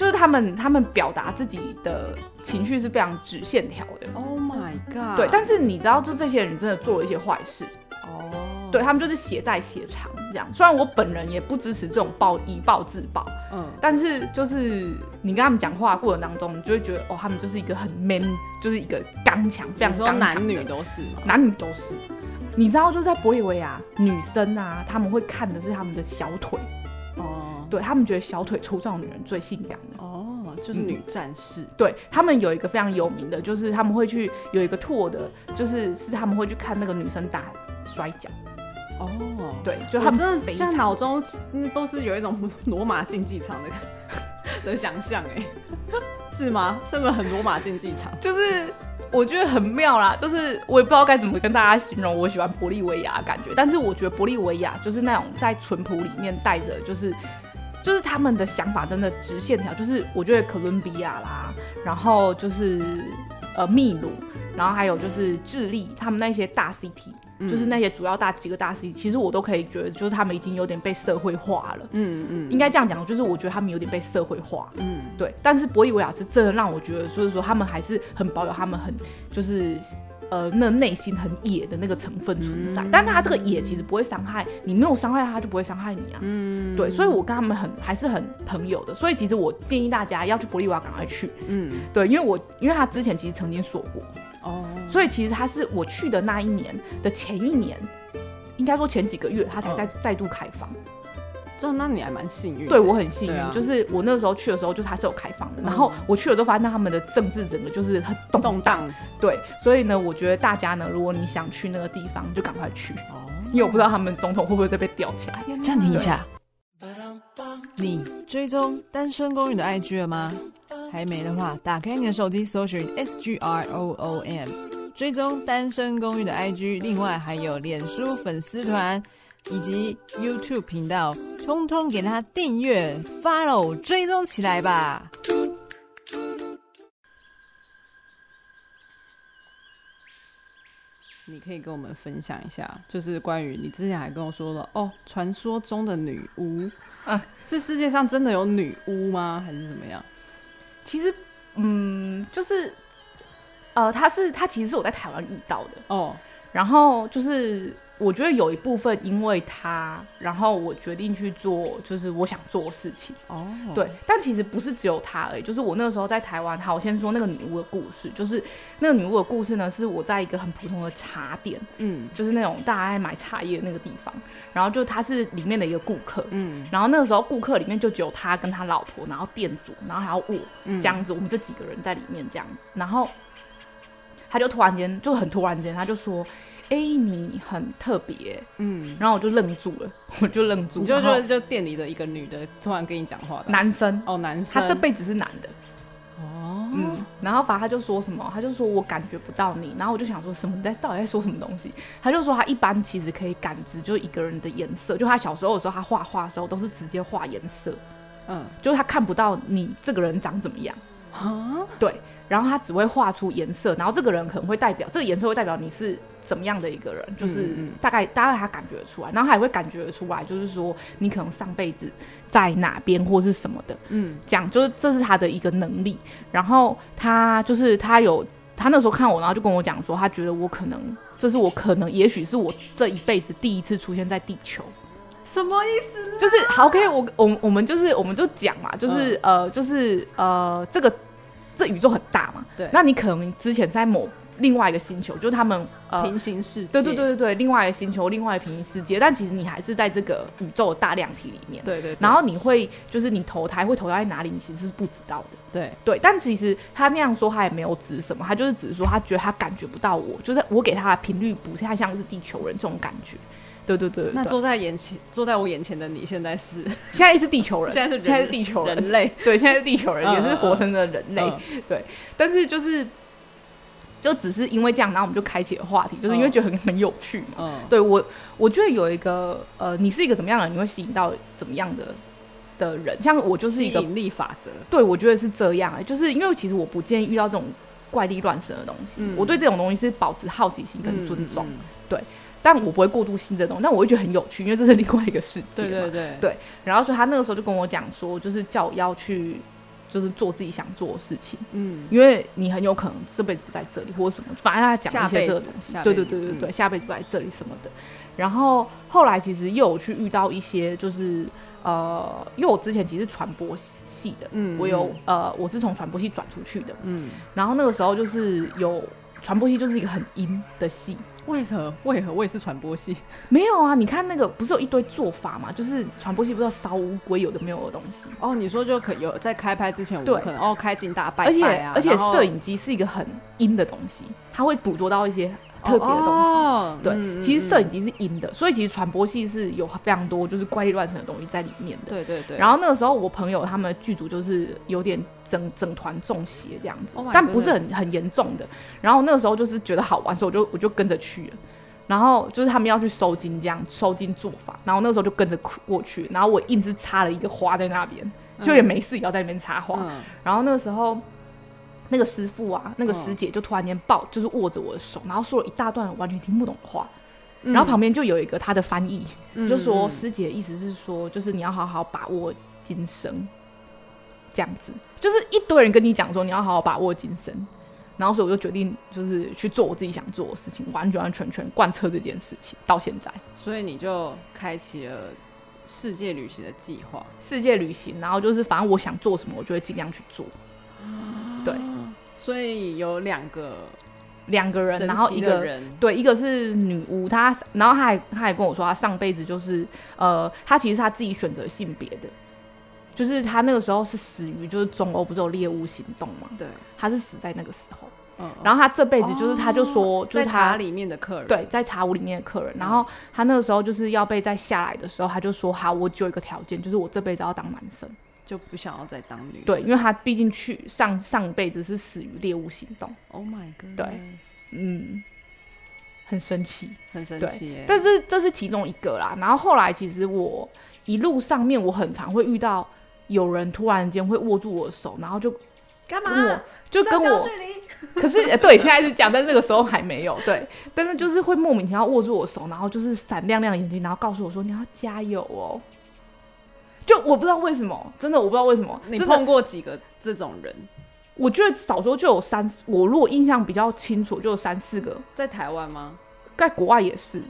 就是他們，他們表達自己的情緒是非常直線條的。Oh my god！對，但是你知道，就這些人真的做了一些壞事。哦、oh.，對他們就是血債血償這樣。雖然我本人也不支持這種暴以暴制暴，嗯，但是就是你跟他們講話過程當中，你就會覺得哦，他們就是一個很 man，就是一個剛強。非常剛強的。你說男女都是，男女都是。你知道，就是在玻利維亞，女生啊，他們會看的是他們的小腿。哦，嗯 oh. 對他們覺得小腿粗壯的女人最性感的哦，oh, 就是女戰士。嗯、對他們有一個非常有名的，就是他們會去有一個拓的，就是是他們會去看那個女生打摔跤。哦，oh. 對，就他們真的像腦中都是有一種羅馬競技場的的想象哎、欸， <laughs> 是嗎？是不是很羅馬競技場？就是。我覺得很妙啦，就是我也不知道該怎麼跟大家形容我喜歡玻利維亞的感覺，但是我覺得玻利維亞就是那種在淳樸裡面帶着，就是就是他們的想法真的直線條，就是我覺得哥倫比亞啦，然後就是呃秘魯，然後還有就是智利，他們那些大 city。就是那些主要大幾個大勢，其實我都可以覺得，就是他們已經有點被社會化了。嗯嗯，嗯應該這樣講，就是我覺得他們有點被社會化。嗯，對。但是玻利維亞是真的讓我覺得，就是說他們還是很保有他們很就是，呃，那內心很野的那個成分存在。嗯、但他這個野其實不會傷害你，沒有傷害他就不會傷害你啊。嗯。對，所以我跟他們很還是很朋友的。所以其實我建議大家要去玻利維亞趕快去。嗯。對，因為我因為他之前其實曾經說過。哦，oh. 所以其實他是我去的那一年的前一年，應該說前幾個月，他才再，oh. 再度開放。這那你還蠻幸運。對我很幸運，啊，就是我那時候去的時候，就是他是有開放的。Oh. 然後我去了之後發現，那他們的政治整個就是很動盪。動盪對，所以呢，我覺得大家呢，如果你想去那個地方，就趕快去，oh. 因為我不知道他們總統會不會再被吊起來。暫停，oh. 對一下，對你追蹤單聲公寓的 IG 了嗎？還沒的話，打開你的手機，搜尋 S G R O O M，追蹤單聲公寓的 I G。另外還有臉書粉絲團以及 YouTube 頻道，通通給他訂閱、Follow、追蹤起來吧。你可以跟我們分享一下，就是關於你之前還跟我說了哦，傳說中的女巫啊，這世界上真的有女巫嗎？還是怎麼樣？其實，嗯，就是，呃，他是，他其實是我在台灣遇到的哦，然後就是。我覺得有一部分因為他，然後我決定去做，就是我想做的事情。哦，oh. 對，但其實不是只有他而已。就是我那個時候在台灣，好，我先說那個女巫的故事。就是那個女巫的故事呢，是我在一個很普通的茶店，嗯，就是那種大家愛買茶葉的那個地方。然後就他是裡面的一個顧客，嗯，然後那個時候顧客裡面就只有他跟他老婆，然後店主，然後還有我，嗯、這樣子，我們這幾個人在裡面這樣。然後他就突然間，就很突然間，他就說。哎、欸，你很特別，欸，嗯，然後我就愣住了，嗯、我就愣住了，你就說就店裡的一個女的突然跟你講話，男生，哦，男生，他這輩子是男的，哦，嗯，然後反正他就說什麼，他就說，我感覺不到你，然後我就想說什麼你在到底在說什麼東西，他就說他一般其實可以感知，就是一個人的顏色，就他小時候的時候，他畫畫的時候都是直接畫顏色，嗯，就是他看不到你這個人長怎麼樣，哈、嗯。對。然後他只會畫出顏色，然後這個人可能會代表這個顏色會代表你是怎麼樣的一個人，嗯、就是大概、嗯、大概他感覺出來，然後他也會感覺出來，就是說你可能上輩子在哪邊或是什麼的，嗯，講就是這是他的一個能力，然後他就是他有他那時候看我，然後就跟我講說，他覺得我可能這是我可能也許是我這一輩子第一次出現在地球，什麼意思呢？就是好，okay，我我我們就是我們就講嘛，就是、嗯、呃就是呃這個。這宇宙很大嘛，對，那你可能之前在某另外一個星球，就他們呃平行世界，對對對對，另外一個星球，另外一個平行世界，但其實你還是在這個宇宙的大量體裡面，對，對對，然後你會就是你投胎會投胎在哪裡，你其實是不知道的，對對，但其實他那樣說他也沒有指什麼，他就是只是說他覺得他感覺不到我，就是我給他的頻率不太像是地球人這種感覺。對對對，那坐在眼前，坐在我眼前的你，現在是現在是地球人，現在是現在是地球人類，對，現在是地球人，也是活生生的人類，對。但是就是，就只是因為這樣，然後我們就開啟了話題，就是因為覺得很很有趣嘛。嗯，對我，我覺得有一個，呃，你是一個怎麼樣的人？你會吸引到怎麼樣的的人？像我就是一個引力法則，對我覺得是這樣，就是因為其實我不建議遇到這種怪力亂神的東西，我對這種東西是保持好奇心跟尊重，對。但我不會過度信這種，但我會覺得很有趣，因為這是另外一個世界嘛，對對對，對。然後所以他那個時候就跟我講說，就是叫我要去，就是做自己想做的事情。嗯，因為你很有可能這輩子不在這裡，或者什麼，反正他講一些這個東西。對對對對對，嗯、下輩子不在這裡什麼的。然後後來其實又有去遇到一些，就是呃，因為我之前其實是傳播系的，嗯、我有、嗯、呃，我是從傳播系轉出去的，嗯。然後那個時候就是有。傳播系就是一個很陰的系，為何？為何？我也是傳播系，沒有啊！你看那個不是有一堆做法嗎？就是傳播系不知道燒烏龜，有的沒有的東西。哦，你說就可有在開拍之前，對，可能哦開鏡大拜拜啊，而且攝影機是一個很陰的東西，它會捕捉到一些特別的東西，oh, 對，嗯、其實攝影機是陰的，嗯、所以其實傳播系是有非常多就是怪力亂神的東西在裡面的。對對對。然後那個時候我朋友他們劇組就是有點整整團中邪這樣子，oh、my goodness, 但不是很很嚴重的。然後那個時候就是覺得好玩，所以我就我就跟着去了。然後就是他們要去收金這樣收金做法，然後那個時候就跟着過去。然後我硬是插了一個花在那邊，就也沒事，也要在那邊插花。嗯嗯、然後那個時候。那個師傅啊，那個師姐就突然間抱，哦、就是握着我的手，然後說了一大段完全聽不懂的話。嗯、然後旁邊就有一個他的翻譯，嗯、就是說師姐的意思是說，就是你要好好把握今生，這樣子，就是一堆人跟你講說你要好好把握今生。然後所以我就決定，就是去做我自己想做的事情，完全完全全貫徹這件事情到現在。所以你就開啟了世界旅行的計劃？世界旅行，然後就是反正我想做什麼，我就會盡量去做。嗯、對、嗯，所以有兩個兩個人，然後一個人，對，一個是女巫，她然後還她還跟我說，她上輩子就是呃，她其實她自己選擇性別的，就是她那個時候是死於就是中歐不是有獵巫行動嘛，對，她是死在那個時候，嗯嗯、然後她這輩子就是她就說，哦、就是在茶裡面的客人，對，在茶屋裡面的客人，然後她那個時候就是要被再下來的時候，她就說好，我就一個條件，就是我這輩子要當男生。就不想要再當女巫。對，因為他畢竟去上上輩子是死於獵巫行動。Oh my god！對，嗯，很神奇，很神奇、欸。但是這是其中一個啦。然後後來其實我一路上面，我很常會遇到有人突然間會握住我的手，然後就幹嘛？就跟我，是可是對，現在是講， <laughs> 但那個時候還沒有對，但是就是會莫名其妙握住我手，然後就是閃亮亮的眼睛，然後告訴我說你要加油哦。就我不知道為什麼，真的我不知道為什麼。你碰過幾個這種人？我覺得少說就有三，我如果印象比較清楚，就有三四個。在台灣嗎？在國外也是。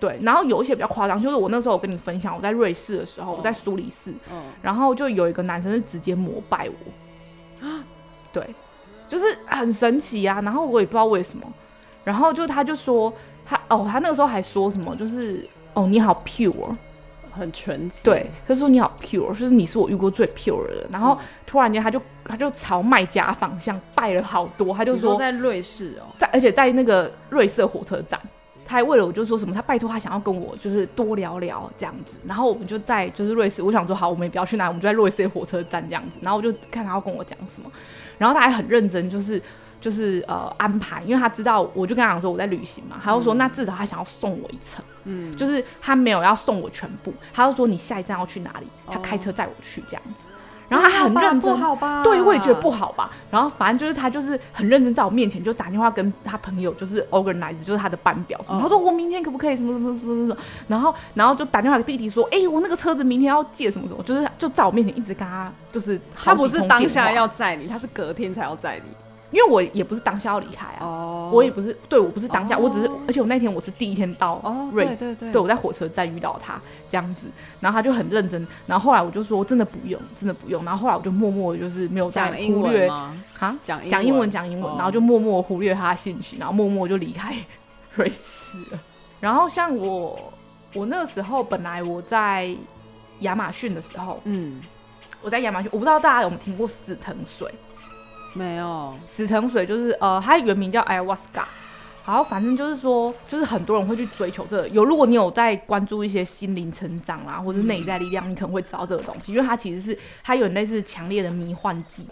對，然後有一些比較誇張，就是我那時候我跟你分享，我在瑞士的時候，嗯、我在蘇黎世，嗯，然後就有一個男生是直接膜拜我啊，對，就是很神奇呀、啊。然後我也不知道為什麼，然後就他就說他哦，他那個時候還說什麼，就是哦你好 pure。很純潔，對，他說你好 pure，就是你是我遇過最 pure 的人。然後、嗯、突然間他，他就他就朝麥加方向拜了好多，他就說，說在瑞士哦，在而且在那個瑞士的火車站。他還為了我，就說什麼他拜托他想要跟我就是多聊聊這樣子，然後我們就在就是瑞士，我想說好，我們也不要去哪裡，我們就在瑞士的火車站這樣子，然後我就看他要跟我講什麼，然後他還很認真、就是，就是就是呃安排，因為他知道我就跟他講說我在旅行嘛，他就說那至少他想要送我一程，嗯，就是他沒有要送我全部，他就說你下一站要去哪裡？他開車載我去這樣子。哦然後他很認真，對，我也覺得不好吧。然後反正就是他就是很認真，在我面前就打電話跟他朋友，就是 organize，就是他的班表。他說我明天可不可以什麼什麼什麼什麼？然後然後就打電話給弟弟說，哎，我那個車子明天要借什麼什麼？就是就在我面前一直跟他，就是他不是當下要載你，他是隔天才要載你。因為我也不是當下要離開啊，oh, 我也不是，對，我不是當下，oh. 我只是，而且我那天我是第一天到瑞士，對對對，對，我在火車站遇到他，這樣子，然後他就很認真，然後後來我就說真的不用，真的不用，然後後來我就默默的就是沒有再忽略啊，講講英文哈講英文，然後就默默忽略他的訊息，然後默默就離開瑞士了。 <laughs> 然後像我，我那個時候本來我在亞馬遜的時候，嗯，我在亞馬遜，我不知道大家有沒有聽過死藤水。沒有，死藤水就是呃，它原名叫 Ayahuasca，然後反正就是說，就是很多人會去追求這個。有如果你有在關注一些心靈成長啦，或者內在力量，嗯、你可能會知道這個東西，因為它其實是它有類似強烈的迷幻劑。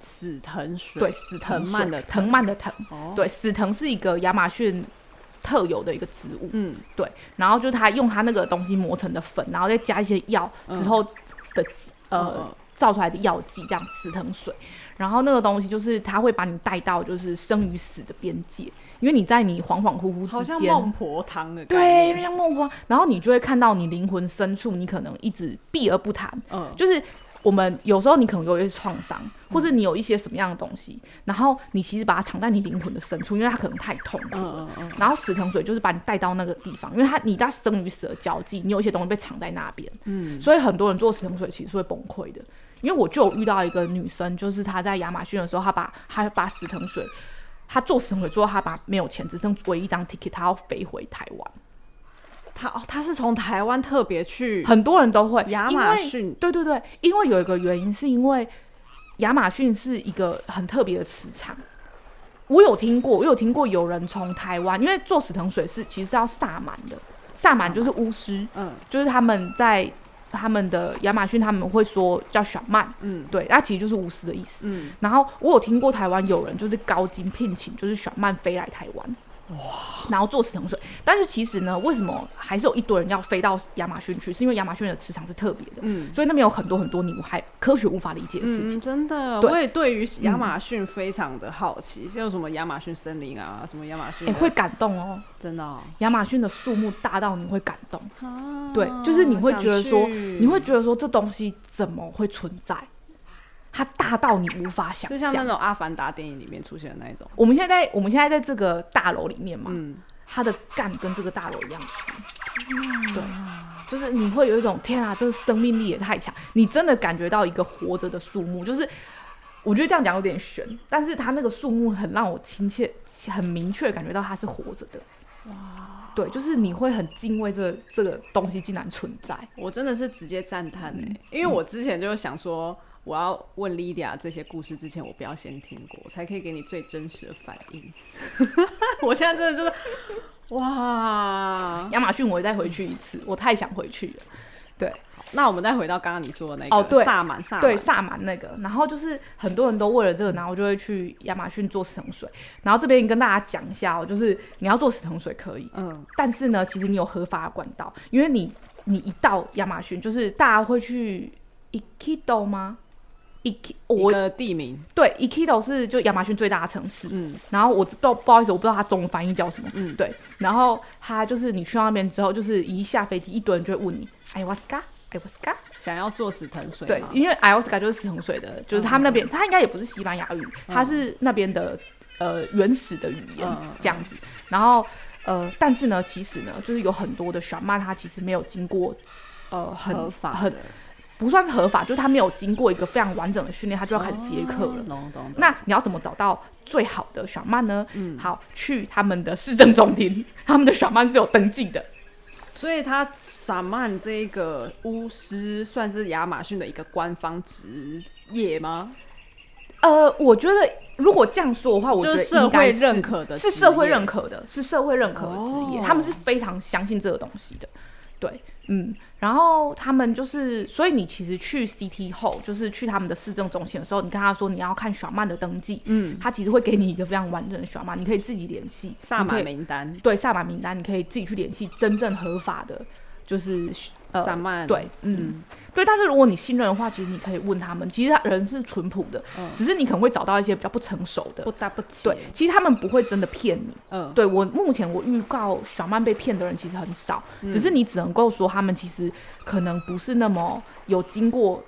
死藤水，對，死藤蔓的藤蔓的藤，對，死藤是一個亞馬遜特有的一個植物，嗯，對。然後就是它用它那個東西磨成的粉，然後再加一些藥之後的、嗯、呃嗯嗯嗯造出來的藥劑，這樣死藤水。然後那個東西就是它會把你帶到就是生與死的邊界，因為你在你恍恍惚惚之間，好像孟婆湯的感覺。對，像夢話，然後你就會看到你靈魂深處，你可能一直避而不談。嗯，就是我們有時候你可能有一些創傷，或者你有一些什麼樣的東西，嗯，然後你其實把它藏在你靈魂的深處，因為它可能太痛苦了。了嗯嗯。嗯，然後死藤水就是把你帶到那個地方，因為它你在生與死的交界，你有一些東西被藏在那邊。嗯。所以很多人做死藤水其實是會崩潰的。因為我就有遇到一個女生，就是她在亞馬遜的時候，她把她把死藤水，她做死藤水之後，她把沒有錢，只剩唯一張 ticket，她要飛回台灣。她哦，她是從台灣特別去，很多人都會亞馬遜，對對對，因為有一個原因，是因為亞馬遜是一個很特別的磁場。我有聽過，我有聽過有人從台灣，因為做死藤水是其實是要薩滿的，薩滿就是巫師，嗯，嗯就是他們在。他們的亞馬遜他們會說叫薩滿，嗯，對，那其實就是巫師的意思，嗯，然後我有聽過台灣有人就是高薪聘請，就是薩滿飛來台灣。哇！然後做死藤水。但是其實呢，為什麼還是有一堆人要飛到亞馬遜去？是因為亞馬遜的磁場是特別的，嗯，所以那邊有很多很多你還科學無法理解的事情。嗯、真的，對我也對於亞馬遜非常的好奇，像、嗯、什麼亞馬遜森林啊，什麼亞馬遜，哎、欸，會感動哦，真的，哦，亞馬遜的樹木大到你會感動，啊、對，就是你會覺得說，你會覺得說這東西怎麼會存在？它大到你無法想象，就像那種《阿凡達》電影裡面出現的那一種。我們現在在我們現在在這個大樓裡面嘛，嗯，它的幹跟這個大樓一樣粗，嗯啊、對，就是你會有一種天啊，這個生命力也太強，你真的感覺到一個活着的樹木，就是我覺得這樣講有點玄，但是它那個樹木很讓我親切，很明確感覺到它是活着的，哇，對，就是你會很敬畏這個這個東西竟然存在，我真的是直接讚嘆哎，嗯、因為我之前就想說。我要問 Lydia 這些故事之前，我不要先聽過，才可以給你最真實的反應。 <laughs> 我現在真的就是哇，亞馬遜，我再回去一次，嗯、我太想回去了。對，好，那我們再回到剛剛你說的那個，哦，對，薩滿，薩，對，薩滿那個，然後就是很多人都為了這個，然後就會去亞馬遜做死藤水。然後這邊跟大家講一下哦、喔，就是你要做死藤水可以，嗯，但是呢，其實你有合法的管道，因為你你一到亞馬遜，就是大家會去伊基多嗎？我的、oh, 地名對，Iquitos 是就亞馬遜最大的城市，嗯，然後我知道，不好意思，我不知道它中文翻譯叫什麼，嗯，對，然後它就是你去到那邊之後，就是一下飛機一堆人就會問你，哎，瓦斯卡，哎，瓦斯卡，想要坐死藤水，對，因為哎，瓦斯卡就是死藤水的，就是他們那邊，它、嗯嗯、應該也不是西班牙語，它、嗯、是那邊的呃原始的語言嗯嗯這樣子，然後呃，但是呢，其實呢，就是有很多的小曼，它其實沒有經過呃合法很。呃不算是合法，就是他沒有經過一個非常完整的訓練，他就要開始接客了。哦、那你要怎麼找到最好的薩滿呢？嗯、好，去他們的市政中心，他們的薩滿是有登記的。所以，他薩滿這個巫師算是亞馬遜的一個官方職業嗎？呃，我覺得如果這樣說的話，我覺得社會認可的是社會認可的是社會認可的職業，哦、他們是非常相信這個東西的。對。嗯，然後他們就是，所以你其實去 City Hall 後，就是去他們的市政中心的時候，你跟他說你要看薩滿的登記，嗯，他其實會給你一個非常完整的薩滿，你可以自己聯繫。薩滿名單，對，薩滿名單，你可以，名單你可以自己去聯繫真正合法的。就是散漫，呃、慢對，嗯，嗯對，但是如果你信任的話，其實你可以問他們，其實他人是淳樸的，嗯、只是你可能會找到一些比較不成熟的，不不對，其實他們不會真的騙你，嗯，對我目前我預告小曼被騙的人其實很少，嗯、只是你只能夠說他們其實可能不是那麼有經過，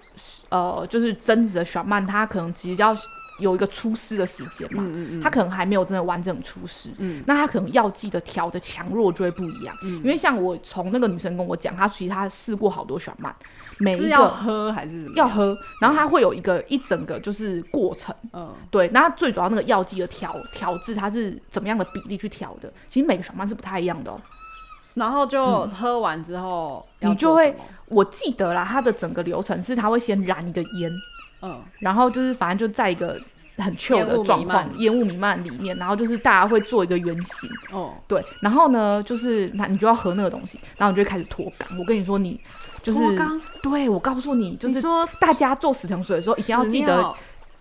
呃，就是真實的小曼，他可能比較。要。有一個出師的時間嘛，嗯嗯、他可能還沒有真的完整出師，嗯、那他可能藥劑的調的強弱就會不一樣。嗯、因為像我從那個女生跟我講，她其實她試過好多薩滿，每一個要喝，要喝還是要喝，然後他會有一個、嗯、一整個就是過程，嗯、對，那最主要那個藥劑的調調制它是怎麼樣的比例去調的，其實每個薩滿是不太一樣的、喔。然後就喝完之後、嗯，你就會我記得啦，他的整個流程是他會先燃一個煙。嗯，然後就是反正就在一個很糗的狀況，煙霧彌、彌漫裡面，然後就是大家會做一個圓形。哦，對，然後呢，就是那你就要喝那個東西，然後你就會開始脫肛。我跟你說，你就是脫肛缸，對，我告訴你，就是說大家做死藤水的時候一定要記得，秒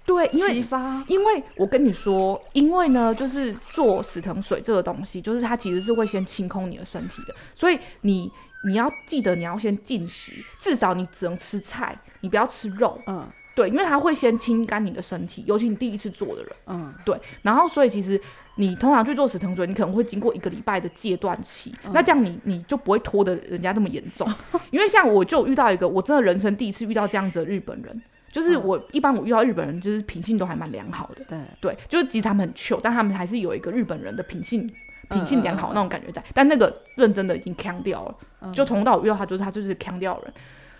對，因為發因為我跟你說，因為呢，就是做死藤水這個東西，就是它其實是會先清空你的身體的，所以你你要記得你要先禁食，至少你只能吃菜，你不要吃肉，嗯。對，因為他會先清乾你的身體，尤其你第一次做的人，嗯，對。然後，所以其實你通常去做死藤水，你可能會經過一個禮拜的戒斷期。嗯、那這樣你你就不會拖得人家這麼嚴重。嗯、因為像我就遇到一個，我真的人生第一次遇到這樣子的日本人，就是我、嗯、一般我遇到日本人就是品性都還蠻良好的，對，對，就是即使他們很糗，但他們還是有一個日本人的品性品性良好那種感覺在。嗯嗯、但那個認真的已經鏘掉了，嗯、就從頭到尾遇到他，就是他就是鏘掉的人。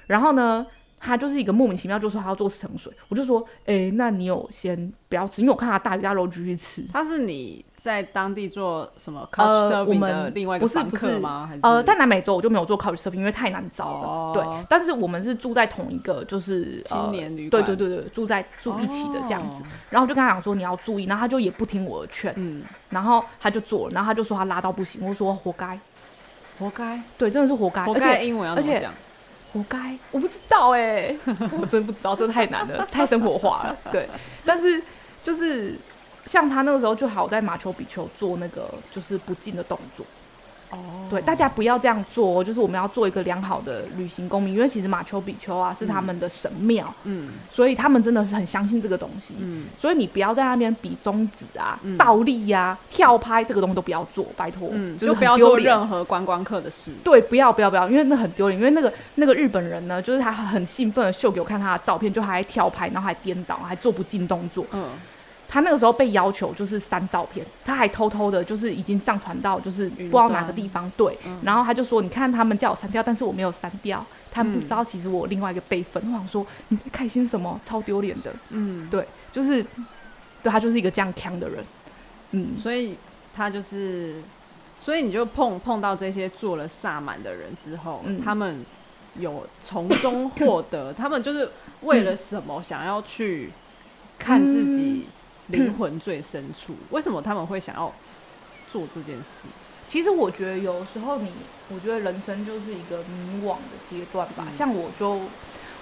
然後呢，他就是一個莫名其妙，就說他要做死藤水，我就說，哎、欸，那你有先不要吃，因為我看他大魚大肉繼續吃。他是你在當地做什麼 couch surfing？呃，的另外一個房客嗎？呃，在南美洲我就沒有做 couch surfing 因為太難找了。哦、對，但是我們是住在同一個就是青年旅館、呃，對對對對，住在住一起的這樣子。哦、然後就跟他講說你要注意，然後他就也不聽我的勸，嗯、然後他就做然後他就說他拉到不行，我說活該，活該該，對，真的是活該，而且英文要怎麼講？活該，我不知道哎、欸，我真不知道，這太難了，太生活化了。對，但是就是像他那個時候，就好在馬丘比丘做那個就是不敬的動作。哦，oh, 對，大家不要這樣做，就是我們要做一個良好的旅行公民，因為其實馬丘比丘啊是他們的神廟，嗯，嗯，所以他們真的是很相信這個東西，嗯，所以你不要在那邊比中指啊、倒、嗯、立呀、啊、跳拍這個東西都不要做，拜託，嗯，就不要做任何觀光客的事，對，不要不要不要，因為那很丟臉，因為那個那個日本人呢，就是他很興奮的秀給我看他的照片，就還跳拍，然後還顛倒，還做不敬動作，嗯。他那個時候被要求就是刪照片，他還偷偷的，就是已經上傳到就是不知道哪個地方、嗯、對，嗯、然後他就說：“你看他們叫我刪掉，嗯、但是我沒有刪掉。”他們不知道其實我有另外一個備份。我想說：“嗯、你是開心什麼？超丟臉的。”嗯，對，就是對他就是一個這樣強的人。嗯，所以他就是，所以你就碰碰到這些做了薩滿的人之後，嗯、他們有從中獲得， <laughs> 他們就是為了什麼想要去看自己、嗯。靈魂最深處，嗯、為什麼他們會想要做這件事？其實我覺得有時候你，你我覺得人生就是一個迷惘的階段吧。嗯、像我就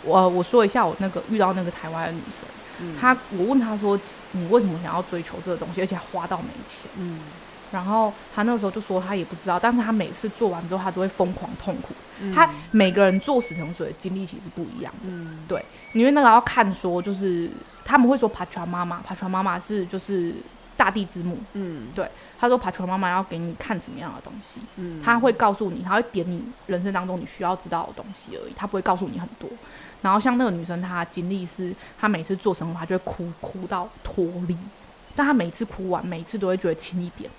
我我說一下我那個遇到那個台灣的女生，她、嗯、我問她說，你為什麼想要追求這個東西，而且還花到沒錢？嗯，然後她那個時候就說她也不知道，但是她每次做完之後，她都會瘋狂痛苦。她、嗯、每個人做死藤水的經歷其實是不一樣的。嗯，對，因為那個要看說就是。他們會說 Pachamama，Pachamama 是，就是大地之母，嗯，對。他說 Pachamama 要給你看什麼樣的東西，嗯，他會告訴你，他會點你人生當中你需要知道的東西而已，他不會告訴你很多。然後像那個女生，她經歷是，她每次做什麼，她就會哭，哭到脫離。但她每次哭完，每次都會覺得輕一點，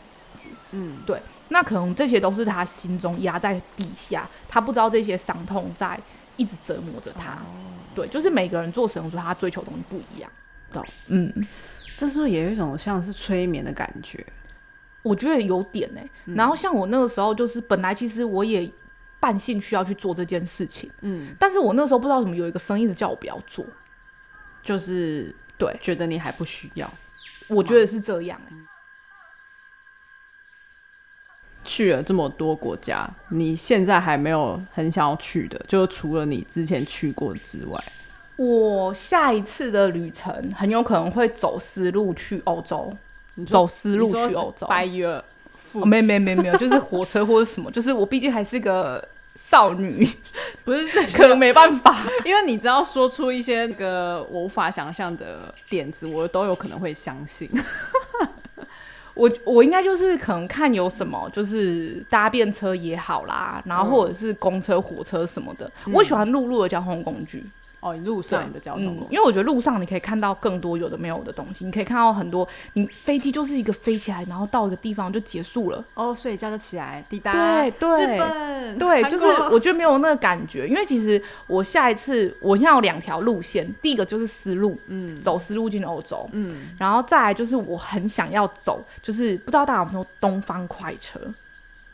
嗯，對。那可能這些都是她心中壓在底下，她不知道這些傷痛在一直折磨着她。哦對，就是每個人做神農說他追求的東西不一樣。對，嗯，這是不是也有一種像是催眠的感覺？我覺得有點、欸嗯、然後像我那個時候，就是本來其實我也半興趣要去做這件事情，嗯，但是我那時候不知道怎麼有一個聲音一直叫我不要做，就是對，覺得你還不需要，我覺得是這樣、欸。嗯去了這麼多國家，你現在還沒有很想要去的，就除了你之前去過之外？我下一次的旅程很有可能會走絲路去歐洲，走絲路去歐洲。白月，哦，沒沒沒沒有，就是火車或者什麼， <laughs> 就是我畢竟還是個少女，不是，可能沒辦法， <laughs> 因為你只要說出一些那個我無法想象的點子，我都有可能會相信。我我應該就是可能看有什麼，就是搭便車也好啦，然後或者是公車、火車什麼的，嗯、我喜歡陸路的交通工具。哦，你路上對你的交通路，嗯嗯、因為我覺得路上你可以看到更多有的沒有的東西，你可以看到很多。你飛機就是一個飛起來，然後到一個地方就結束了。哦，睡覺就起來，抵達。對對，日本對，就是我覺得沒有那個感覺，因為其實我下一次我現在有兩條路線，第一個就是絲路，嗯，走絲路進歐洲，嗯，然後再來就是我很想要走，就是不知道大家有沒有東方快車。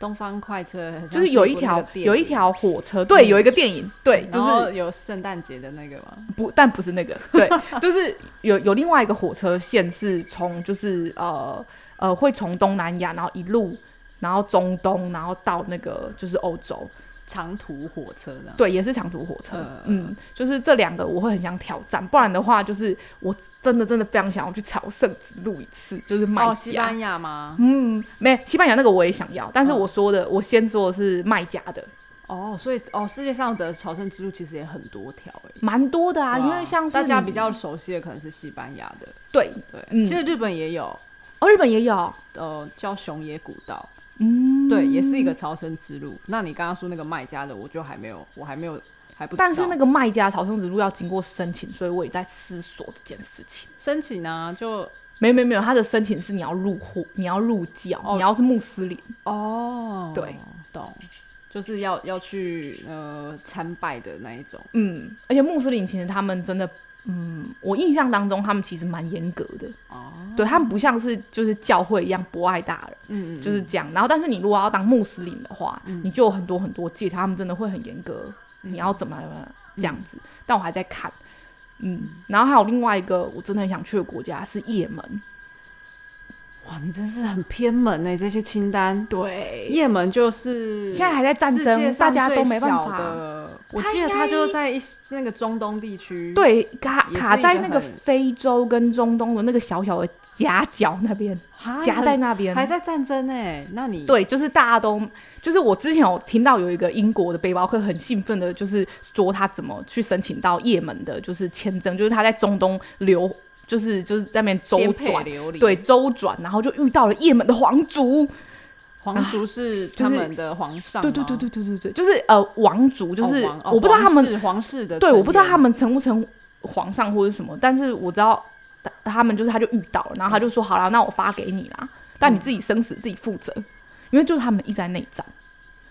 東方快車就是有一條有一條火車，對，有一個電影，嗯、對，就是有聖誕節的那個嗎？不，但不是那個， <laughs> 對，就是有有另外一個火車線是從就是呃呃，會從東南亞然後一路然後中東，然後到那個就是歐洲。長途火車呢？對，也是長途火車。嗯，就是這兩個我會很想挑戰，不然的話就是我真的真的非常想要去朝聖之路一次，就是麥加，哦，西班牙嗎？嗯，沒，西班牙那個我也想要，但是我說的我先說的是麥加的哦，所以哦，世界上的朝聖之路其實也很多條，哎，蠻多的啊，因為像大家比較熟悉的可能是西班牙的，對對，其實日本也有哦，日本也有，呃，叫熊野古道。嗯，對，也是一個朝聖之路。那你剛剛說那個麥加的，我就還沒有，我還沒有還不知道。但是那個麥加朝聖之路要經過申請，所以我也在思索這件事情。申請啊，就沒沒有沒有，他的申請是你要入戶，你要入教，哦、你要是穆斯林哦，對，懂，就是要要去呃參拜的那一種。嗯，而且穆斯林其實他們真的。嗯，我印象當中他們其實蠻嚴格的哦，對他們不像是就是教會一樣博愛大人，嗯，就是這樣。然後，但是你如果要當穆斯林的話，嗯、你就有很多很多戒，他們真的會很嚴格，嗯、你要怎麼怎麼這樣子。嗯、但我還在看，嗯，然後還有另外一個我真的很想去的國家是也門，哇，你真是很偏門哎、欸，這些清單。對，也門就是現在還在戰爭，大家都沒辦法。我記得他就在一那個中東地區，對卡卡在那個非洲跟中東的那個小小的夾角那邊，夾哈在那邊還在戰爭哎、欸，那你對就是大家都就是我之前有聽到有一個英國的背包客很興奮的，就是說他怎麼去申請到也門的，就是簽證，就是他在中東流，就是就是在那邊周轉，對周轉，然後就遇到了也門的皇族。皇族是他們的皇上，對對、啊就是、對對對對對，就是呃王族，就是、哦王哦、我不知道他們是皇，皇室的，對，我不知道他們成不成皇上或是什麼，但是我知道他們就是他就遇到了，然後他就說、嗯、好了，那我發給你啦，但你自己生死自己負責，嗯、因為就是他們一直在內戰。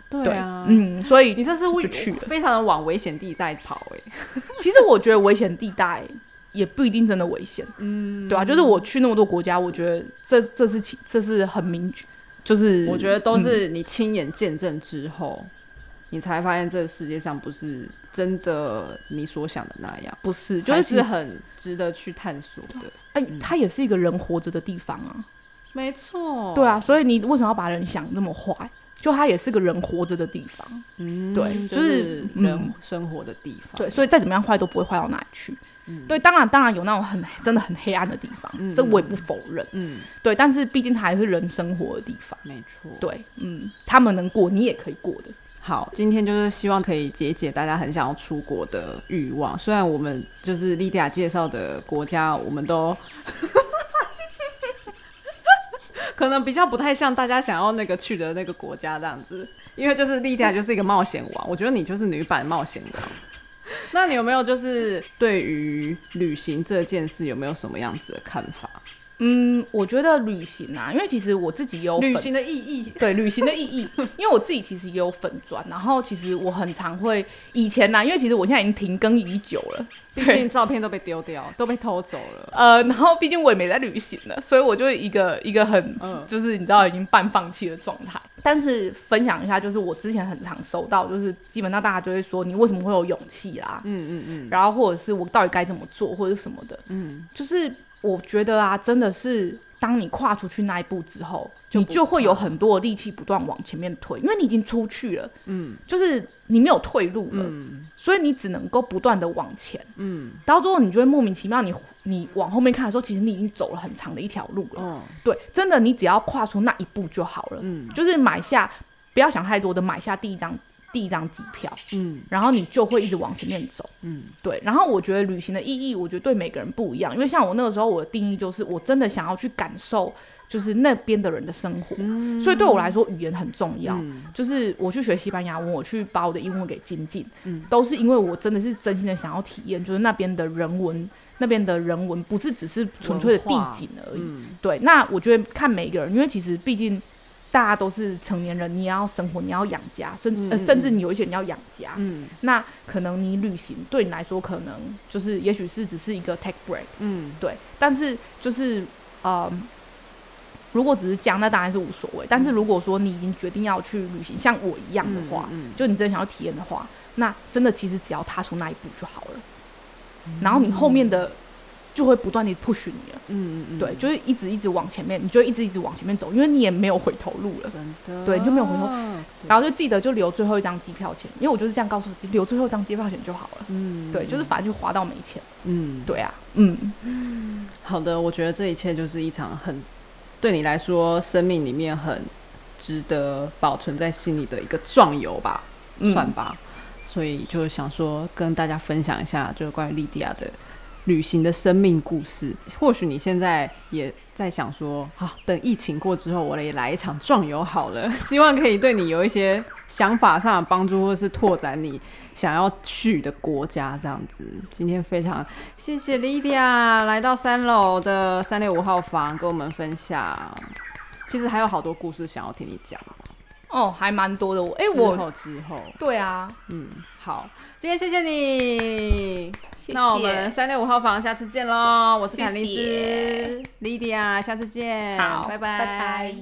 對啊對，嗯，所以你這是去非常的往危險地帶跑哎、欸。 <laughs> 其實我覺得危險地帶也不一定真的危險，嗯，對啊，就是我去那麼多國家，我覺得這這是這是很明確就是，我覺得都是你親眼見證之後，嗯、你才發現這個世界上不是真的你所想的那樣，不是，就是，是很值得去探索的。哎對、嗯欸，它也是一個人活着的地方啊，沒錯錯，對啊，所以你為什麼要把人想那麼壞？就它也是個人活着的地方，嗯，對，就是人生活的地方、啊嗯，對，所以再怎麼樣壞都不會壞到哪裡去。嗯、對，當然，當然有那種很真的很黑暗的地方，嗯、這我也不否認。嗯，嗯對，但是畢竟它還是人生活的地方，沒錯。對，嗯，他們能過，你也可以過的。好，今天就是希望可以解解大家很想要出國的欲望。雖然我們就是莉迪亞介紹的國家，我們都 <laughs> <laughs> 可能比較不太像大家想要那個去的那個國家這樣子，因為就是莉迪亞就是一個冒險王，嗯、我覺得你就是女版冒險王。那你有沒有就是對於旅行這件事有沒有什麼樣子的看法？嗯，我覺得旅行啊，因為其實我自己有旅行的意義，對旅行的意義， <laughs> 因為我自己其實也有粉專，然後其實我很常會以前呢、啊，因為其實我現在已經停更已久了，畢竟你照片都被丟掉，都被偷走了，呃，然後畢竟我也沒在旅行了，所以我就一個一個很，嗯、就是你知道已經半放棄的狀態。但是分享一下，就是我之前很常收到，就是基本上大家就會說你為什麼會有勇氣啦，嗯嗯嗯，然後或者是我到底該怎麼做或者什麼的，嗯，就是。我覺得啊，真的是，當你跨出去那一步之後，你就會有很多的力氣不斷往前面推，因為你已經出去了，嗯，就是你沒有退路了，嗯，所以你只能夠不斷的往前，嗯，到最後你就會莫名其妙，你你往後面看的時候，其實你已經走了很長的一條路了，對，真的，你只要跨出那一步就好了，嗯，就是買下，不要想太多的買下第一張。第一張機票，嗯，然後你就會一直往前面走，嗯，對。然後我覺得旅行的意義，我覺得對每個人不一樣。因為像我那個時候，我的定義就是，我真的想要去感受，就是那邊的人的生活。嗯，所以對我來說，語言很重要。嗯，就是我去學西班牙文，我去把我的英文給精進，嗯，都是因為我真的是真心的想要體驗，就是那邊的人文，那邊的人文不是只是純粹的地景而已。嗯，對，那我覺得看每個人，因為其實畢竟。大家都是成年人，你要生活，你要養家，甚、嗯、呃甚至你有一些你要養家，嗯，那可能你旅行對你來說可能就是，也許是只是一個 take break，嗯，對。但是就是，呃，如果只是加，那當然是無所謂。但是如果說你已經決定要去旅行，像我一樣的話，嗯嗯、就你真的想要體驗的話，那真的其實只要踏出那一步就好了。嗯、然後你後面的。就會不斷的 push 你了，嗯嗯嗯，嗯，對，就是一直一直往前面，你就一直一直往前面走，因為你也沒有回頭路了，真的，對，你就沒有回頭，對，然後就記得就留最後一張機票錢，因為我就是這樣告訴自己，留最後一張機票錢就好了，嗯，對，就是反正就花到沒錢，嗯，對啊。嗯，嗯，好的，我覺得這一切就是一場很對你來說生命裡面很值得保存在心裡的一個壯遊吧，嗯、算吧，所以就想說跟大家分享一下，就是關於莉迪亞的。旅行的生命故事，或許你現在也在想說，好、啊、等疫情過之後，我也來一場壯遊好了。希望可以對你有一些想法上的幫助，或是拓展你想要去的國家這樣子。今天非常謝謝 Lydia 來到三樓的三六五號房，跟我們分享。其實還有好多故事想要聽你講哦，還蠻多的。我、欸、哎，我之後，之後，對啊，嗯，好。今天謝謝你，謝謝，那我們三六五號房下次見嘍。我是凱妮絲，謝，Lydia，下次見，拜拜。